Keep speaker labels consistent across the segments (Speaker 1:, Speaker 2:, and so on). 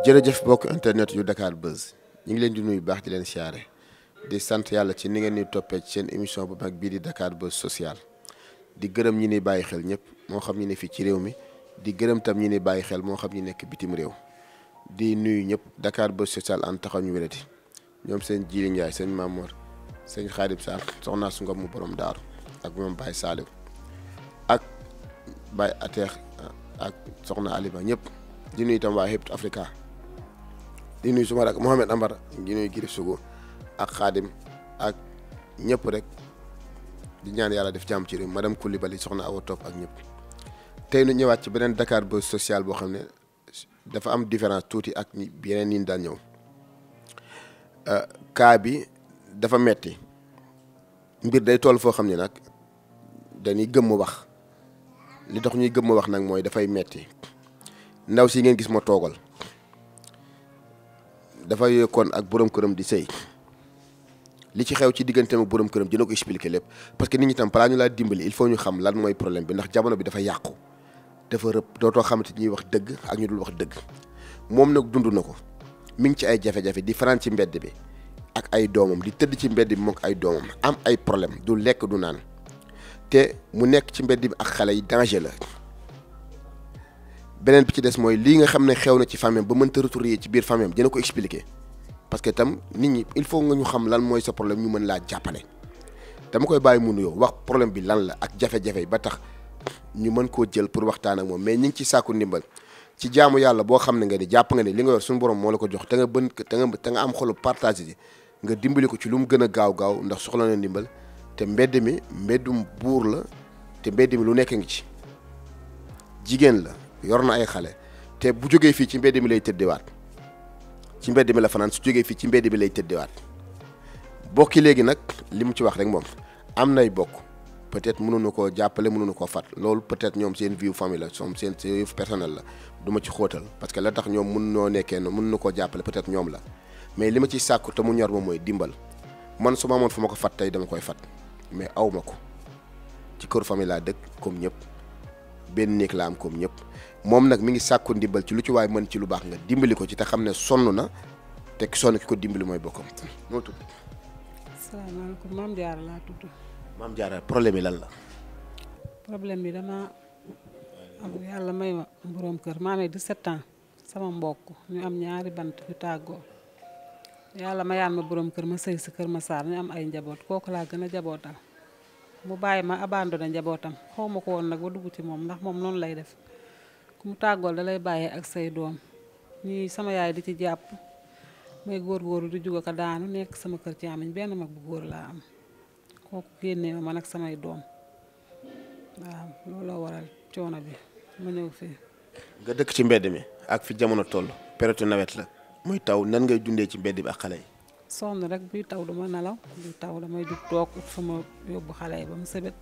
Speaker 1: jërëjëf bokk internet yu Dakar Buzz ñu ngi leen di nuyu baax di leen siyaare di sant yàlla ci ni ngeen di toppee ci seen émission bu mag bii di Dakar Buzz social di gërëm ñi ni bàyyi xel ñëpp moo xam ñi ne fii ci réew mi di gërëm tam ñi ni bàyyi xel moo xam ñi nekk bitim réew di nuyu ñëpp dakaar Buzz social an taxaw ñu wérati ñoom seen Jili seen Mamour seen Xaadim Sarr soxnaa su ngom mu borom daaru ak moom Baye Saliou ak Baye Ateex ak soxna Aliba ñëpp di waa Hebdo Africa di nuyu suma rak Mohamed Ambara di nuyu Girif Sougou ak Xaadim ak ñëpp rek di ñaan yàlla def jàmm ci réew madame Coulibaly soxna Awa Top ak ñëpp tey nu ñëwaat ci beneen dakaar Buzz sociale boo xam ne dafa am différence tuuti ak yeneen yi ñu ñëw kaa euh, bi dafa metti mbir day tool foo xam ne nag dañuy gëmm wax li tax ñuy gëmm wax nag mooy dafay metti ndaw si ngeen gis ma toogal dafa kon ak boroom këram di sëy li ci xew ci digganteem mu borom këram di na ko expliquer lépp parce que nit ñi tam balaa ñu laa dimbali il faut ñu xam lan mooy problème bi ndax jamono bi dafa yàqu dafa rëb dootoo xamante ñuy wax dëgg ak ñu dul wax dëgg moom nag dund na ko mi ngi ci ay jafe-jafe di fanaan ci mbedd bi ak ay doomam di tëdd ci mbedd bi moom ay doomam am ay problème du lekk du naan te mu nekk ci mbedd bi ak xale yi danger la beneen bi ci des mooy lii nga xam ne xew na ci famille ba mënta retourner ci biir famille dina ko expliquer parce que tam nit ñi il faut nga ñu xam lan mooy sa problème ñu mën laa jàppale dama koy bàyyi mu nuyoo wax problème bi lan la ak jafe-jafe ba tax ñu mën koo jël pour waxtaan ak moom mais ñi ci sàkku ndimbal ci jaamu yàlla boo xam ne nga ni jàpp nga ne li nga yor suñu borom moo la ko jox te nga bën te nga te nga am xolu partage ji nga dimbali ko ci lu mu gën a gaaw gaaw ndax soxla na ndimbal te mbedd mi mbeddum buur la te mbedd mi lu nekk ngi ci jigéen la yor na ay xale te bu jógee fii ci mbedd mi lay tëddewaat ci mbedd mi la fanaan su jógee fii ci mbedd mi lay tëddewaat bokki léegi nag li mu ci wax rek moom am nay bokk peut-être mënuñu koo jàppale mënuñu koo fat loolu peut-être ñoom seen vie famille la ñoom seen personnel la du ci xóotal parce que la tax ñoom mun noo nekkee noonu mënuñu koo jàppale peut-être ñoom la mais li ma ciy sàkku te mu ñor ma mooy dimbal man su ma amoon fu ma ko fat tey dama koy fat mais aw ko ci kër famille laa dëkk ñëpp. benn néeg la am comme ñëpp moom nag mi ngi sàkku ndimbal ci lu ci waay mën ci lu baax nga dimbali ko ci te xam ne sonn na te ki sonn ki ko dimbali mooy bokkam
Speaker 2: moo tudd. asalaamaaleykum maam laa tudd.
Speaker 1: maam Diarra problème yi lan la.
Speaker 2: problème bi dama am yàlla may ma borom kër maa amee 17 ans sama mbokk ñu am ñaari bant yu tàggoo yàlla yaan ma boroom kër ma sëy sa kër ma saar ñu am ay njaboot kooku laa gën a jabootal. mu bàyyi ma abandonné njabootam xaw ma ko woon nag ba dugg ci moom ndax moom noonu lay def ku mu tàggool dalay lay bàyyee ak say doom ñuy sama yaay di ci jàpp may góor góoru di juga ko daanu nekk sama kër ci amiñ benn mag bu góor laa am kooku génnee ma man ak samay doom waaw looloo waral coono bi ma ñëw fii.
Speaker 1: nga dëkk ci mbedd mi ak fi jamono toll période nawet la muy taw nan ngay dundee ci mbedd bi ak xale yi.
Speaker 2: sonn rek buy taw duma nelaw buy taw damay jug toog ut fu ma yóbbu xale yi ba mu sëbët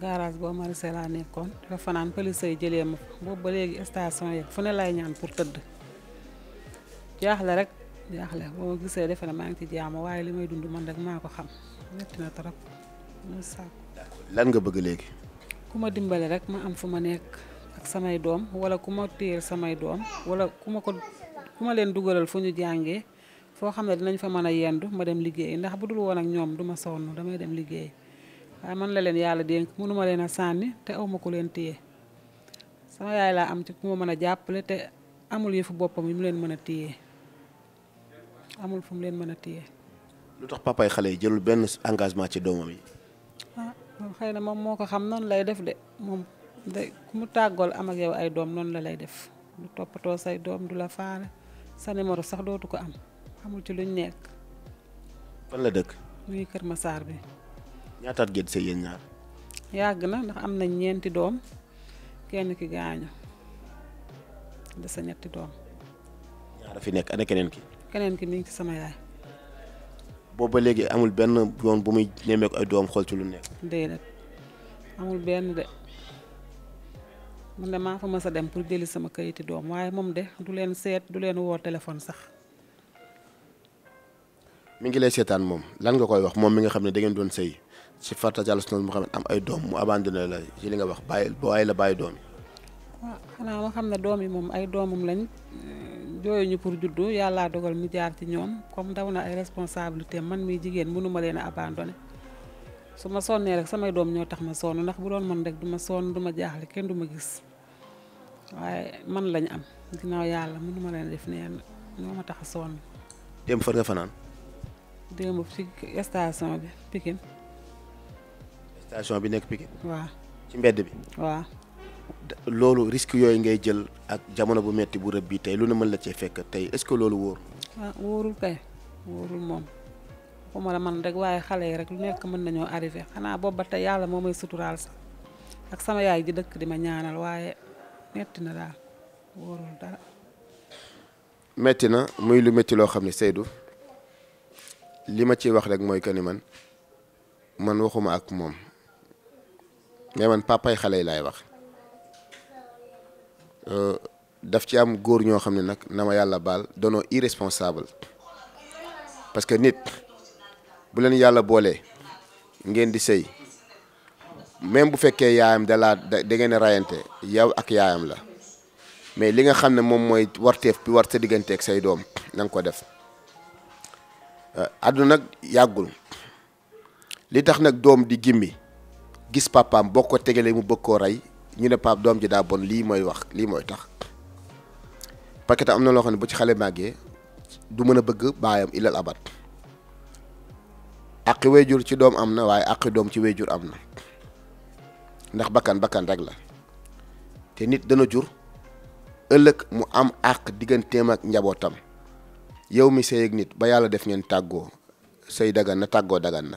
Speaker 2: garage boo Marisela laa nekkoon dafa fanaan police yi jëlee ma boobu ba léegi station yeeg fu ne lay ñaan pour tëdd jaaxle rek jaaxle boo gisee defe na maa ngi ci jaamu waaye li may dund man rek maa ko xam metti na trop muy sàkku
Speaker 1: lan nga bëgg léegi
Speaker 2: ku ma dimbali rek ma am fu ma nekk ak samay doom wala ku ma téyel samay doom wala ku ma ko ku ma leen dugalal fu ñu jàngee foo xam ne dinañ fa mën a yendu ma dem liggéey ndax bu dul woon ak ñoom duma ma sonn damay dem liggéey waaye man la leen yàlla dénk mënuma leen a sànni te awma ku leen téye sama yaay laa am ci ku ma mën a jàppale te amul yëfu boppam yi mu leen mën a téye amul fu mu leen mën a téye.
Speaker 1: lu tax papaay xale yi jëlul benn engagement ci doomam yi.
Speaker 2: ah xëy na moom moo ko xam noonu lay def de moom de ku mu tàggool am ak yow ay doom noonu la lay def lu toppatoo say doom du la faale sa numéro sax dootu ko am. xamul ci luñ nekk. fan dëkk. muy Kër Massar bi.
Speaker 1: ñaataat ngeen sëy yéen ñaar.
Speaker 2: yàgg na ndax am nañ ñeenti doom kenn ki gaañu de sa ñetti doom.
Speaker 1: ñaar nekk ana keneen ki.
Speaker 2: keneen ki mi ci sama yaay.
Speaker 1: boobu ba léegi amul benn yoon bu muy nemmeeku doom xool ci lu nekk.
Speaker 2: déedéet amul benn de man de maa fa mës dem pour jëli sama kayiti doom waaye moom de du leen seet du leen woo téléphone sax.
Speaker 1: mi ngi lay seetaan moom lan nga koy wax moom mi nga xam ne da ngeen doon sëy si farta yàlla su mu xam ne am ay doom mu abandonné la ci li nga wax bàyyi ay la bàyyi doom yi.
Speaker 2: Ah, xam ne doom yi moom ay doomam lañ eh, jooyuñu pour juddu yàllaa dogal mu jaar ci ñoom comme daw na ay responsabilité man mi jigéen mënu leen a su ma sonnee rek samay doom ñoo tax ma sonn ndax bu doon man rek du ma sonn du ma jaaxle kenn du ma gis waaye man lañ am ginnaaw yàlla mënu ma leen def neen ñoo ma tax a sonn.
Speaker 1: dem far nga fanaan.
Speaker 2: démb ci station bi Pikine.
Speaker 1: station bi nekk Pikine. waaw ci mbedd bi. waaw. loolu risque yooyu ngay jël ak jamono bu metti bu rëb bi tey lu mën la cee fekk tey est-ce que loolu wóor.
Speaker 2: waaw ah, wóorul kay wóorul moom rek waaye xale yi rek nekk mën nañoo arrivé xanaa boobu ba tey yàlla moo may suturaal sax ak sama yaay ji dëkk di ma ñaanal waaye metti na daal wóorul dara.
Speaker 1: metti na muy lu metti loo xam ne Seydou. li ma ciy wax rek mooy que ni man man waxuma ak moom mais man papay xale yi laay wax euh, daf ci am góor ñoo xam ne nag na ma yàlla baal doonoo irresponsable parce que nit bu leen yàlla boolee ngeen di sëy même bu fekkee yaayam dalaa laa da ngeen a rayante yow ak yaayam la mais li nga xam ne moom mooy warteef bi war sa ak say doom na nga ko def Euh, àdduna nag yàggul li tax nag doom di gimmi gis papaam boo ko tegalee mu bëgg koo rey ñu ne paap doom ji daa bon lii mooy wax lii mooy tax parce que am na loo xam ne bu ci xale màggee du mën a bëgg baayam ilal abat àqi jur ci doom am na waaye àqi doom ci jur am na ndax bakkan bakkan rek la te nit dana jur ëllëg mu am àq digganteem ak njabootam yow mi sëy ak nit ba yàlla def ngeen tàggoo sëy dagan na tàggoo daggan na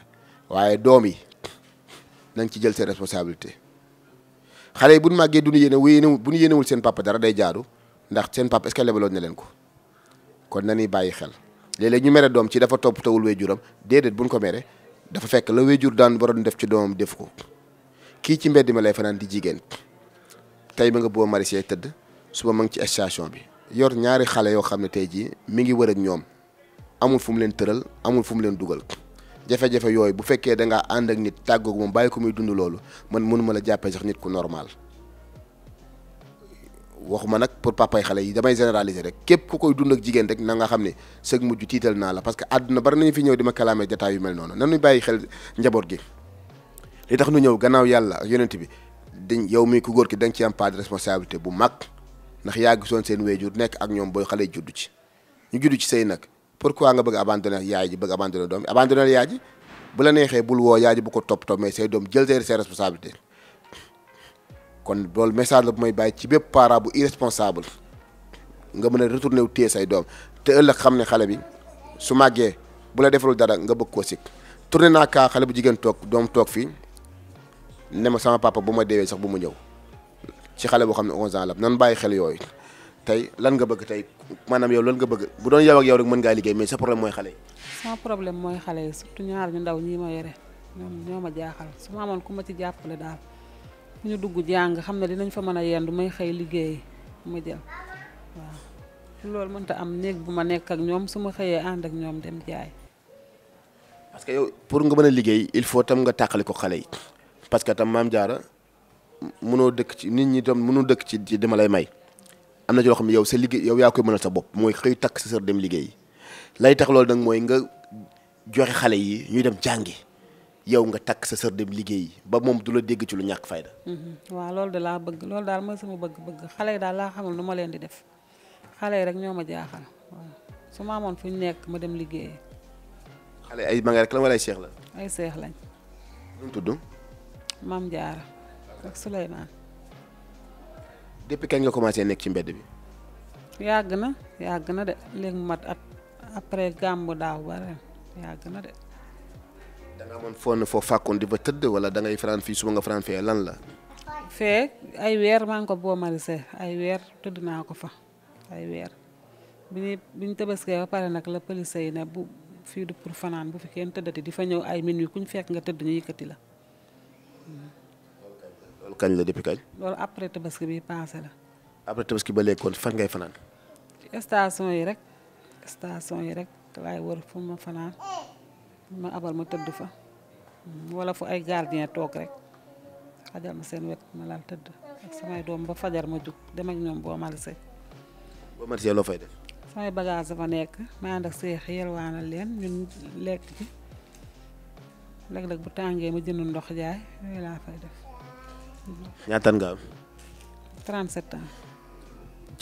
Speaker 1: waaye doom yi nañ ci jël seen responsabilité xale yi bu ñu màggee du ñu yéene wéy bu ñu yéenewul seen papa dara day jaadu ndax seen papa est-ce que lebaloon na leen ko kon nañuy bàyyi xel léeg ñu mere doom ci dafa topp tawul wéjuram déedéet buñ ko mere dafa fekk la wéjur daan waroon def ci doomam def ko kii ci mbedd ma lay fanaan di jigéen tey ma nga boo marisee tëdd suba ma ngi ci station bi yor ñaari xale yoo xam ne tey jii mi ngi wër ak ñoom amul fu mu leen tëral amul fu mu leen dugal jafe-jafe yooyu bu fekkee dangaa ànd ak nit tàggoog moom bàyyi ko muy dund loolu man mënuma la jàppee sax nit ku normal waxuma nag pour papay xale yi damay généraliser rek képp ku koy dund ak jigéen rek na nga xam ne sëg mujj tiital naa la parce que àdduna bari nañu fi ñëw di ma kalaame jataay yu mel noonu nanuy bàyyi xel njaboot gi li tax nu ñëw gannaaw yàlla ak yonent bi dañ yow mi ku góor ki da ci am part de mag ndax yaa gisoon seen wéyjur nekk ak ñoom booy xale judd ci ñu judd ci sëy nag pourquoi nga bëgg abandonné yaay ji bëgg abandonné doom abandonné yaay ji bu la neexee bul woo yaay ji bu ko toppatoo mais say doom jël say responsabilité kon loolu message la bu may bàyyi ci bépp parent bu nga mën a retourné wu téye say doom te ëllëg xam ne xale bi su màggee bu la defalul dara nga bëgg ko sikk tourné naa kaa xale bu jigéen toog doom toog fii ne ma sama papa bu ma deewee sax bu mu ñëw ci xale boo xam ne 11 ans la nan bàyyi xel yooyu tey lan nga bëgg tey maanaam yow lan nga bëgg bu doon yow ak yow rek mën ngaa liggéey mais sa problème mooy xale
Speaker 2: yi. mooy xale yi surtout ñaar ñu ndaw ñii ma yore ñoom ñoo ma jaaxal su ma amoon ku ma ci jàppale daal fu ñu dugg jàng xam ne dinañ fa mën a yend may xëy liggéey ma jël waaw loolu mënta am néeg bu ma nekk ak ñoom su ma xëyee ànd ak ñoom dem jaay.
Speaker 1: parce que yow pour nga mën a liggéey il faut tam nga tàqali ko xale yi parce que tam maam jaara mënoo dëkk ci nit ñi tam mënoo dëkk ci ci dama lay may am na ci xam ne yow sa liggéey yow yaa koy mënal sa bopp mooy xëy takk sa dem liggéey lay tax loolu nag mooy nga joxe xale yi ñuy dem jàngi yow nga takk sa sër dem liggéey ba moom du la dégg ci lu ñàkk fayda.
Speaker 2: Mhm. waaw loolu de laa bëgg loolu daal mooy sama bëgg-bëgg xale yi daal laa xamul nu ma leen di def xale yi rek ñoo ma jaaxal su ma amoon fu ñu nekk ma dem liggéey.
Speaker 1: xale ay manga rek la wala ay seex la. ay seex lañ. nu mu tudd.
Speaker 2: maam Jaara. ak Souleymane.
Speaker 1: depuis kañ nga commencé nekk ci mbedd bi.
Speaker 2: yàgg na yàgg na de léegi mu mat at après gàmmu daaw ba ren yàgg na de.
Speaker 1: da nga amoon foo ne foo fàkkoon di ba tëdd wala dangay ngay fanaan fii suba nga fanaan fee lan la.
Speaker 2: fee ay weer maa ko boo marisé ay weer tëdd naa ko fa ay weer bi ñuy bi ñu ba pare nag la police yi ne bu fii du pour fanaan bu fi kenn tëddati di fa ñëw ay minuit ku ñu fekk nga tëdd ñu yëkkati la. Hmm.
Speaker 1: loolu kañ la depuis kañ.
Speaker 2: loolu après tabaski bi passé la.
Speaker 1: après tabaski ba léegi fan ngay fanaan.
Speaker 2: ci yi rek station yi rek laay wër fu ma fanaan ma abal ma tëdd fa hmm, wala fu ay gardien toog rek xajal ma seen wet ma laal tëdd ak samay doom ba fajar ma jug dem ak ñoom boo malisee.
Speaker 1: boo malisee loo fay def.
Speaker 2: samay bagage dafa nekk ma ànd ak seex yelwaanal leen ñun lekk ci léeg-léeg bu tàngee ma jënd ndox jaay yooyu fay def. ñaata nga am. 37 ans.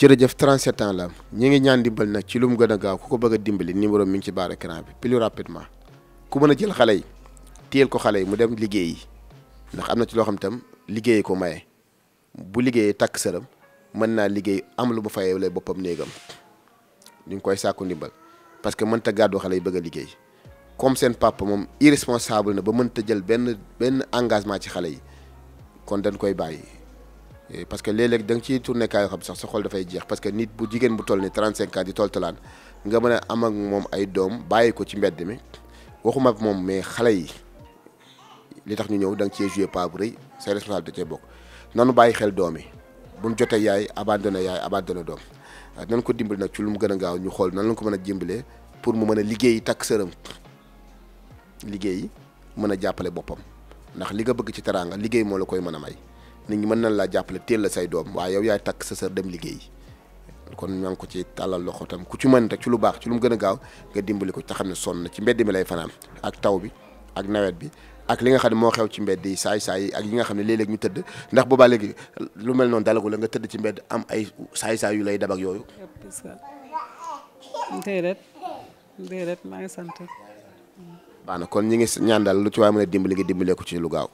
Speaker 1: jërëjëf 37 la am ñu ngi ñaan dimbal nag ci lu mu gën a gaaw ku ko bëgg a dimbali numéro mi ngi ci barre écran bi plus rapidement ku mën a jël xale yi téyel ko xale yi mu dem liggéeyi ndax am na ci loo xam tam liggéeyi ko maye bu liggéeyee takk sëram mën naa liggéey am lu mu fayee lay boppam néegam ñu ngi koy sàkku ndimbal parce que mënta gàddu xale yi bëgg a liggéey comme seen papa moom irresponsable na ba mënta jël benn benn engagement ci xale yi. kon dañ koy bàyyi eh, parce que léeg-léeg da nga ciy tourné kaay xam sax sa xol dafay jeex parce que nit bu jigéen bu toll ni 35 ans di toltalaan nga mën a am ak moom ay doom bàyyi ko ci mbedd mi waxuma ak moom mais xale yi li tax ñu ñëw danga nga cee joué pas bu rëy say responsable da cee bokk nanu bàyyi xel doom yi buñ jotee yaay abandonné yaay abandonné doom ah, nan ko dimbali nag ci lu mu gën a gaaw ñu xool nan la ko mën a jëmbalee pour mu mën a liggéey takk sëram liggéey mën a jàppale boppam ndax li nga bëgg ci teraanga liggéey moo la koy mën a may nit ñi mën nañ laa jàppale teel la say doom waaye yow yaay takk sa sër dem liggéey kon ñoo ngi ko ci tàllal loxo tam ku ci mën rek ci lu baax ci lu mu gën a gaaw nga dimbali ko te xam ne sonn na ci mbedd mi lay fanaan ak taw bi ak nawet bi ak li nga xam ne moo xew ci mbedd yi saay saay yi ak yi nga xam ne léeg ñu tëdd ndax boobaa léegi lu mel noonu dalagu la nga tëdd ci mbedd am ay saay yu lay dab ak yooyu.
Speaker 2: déedéet ngi sant.
Speaker 1: baax na kon ñi ngi ñaan daal lu ci waay mën a dimbali nga dimbale ko ci lu gaaw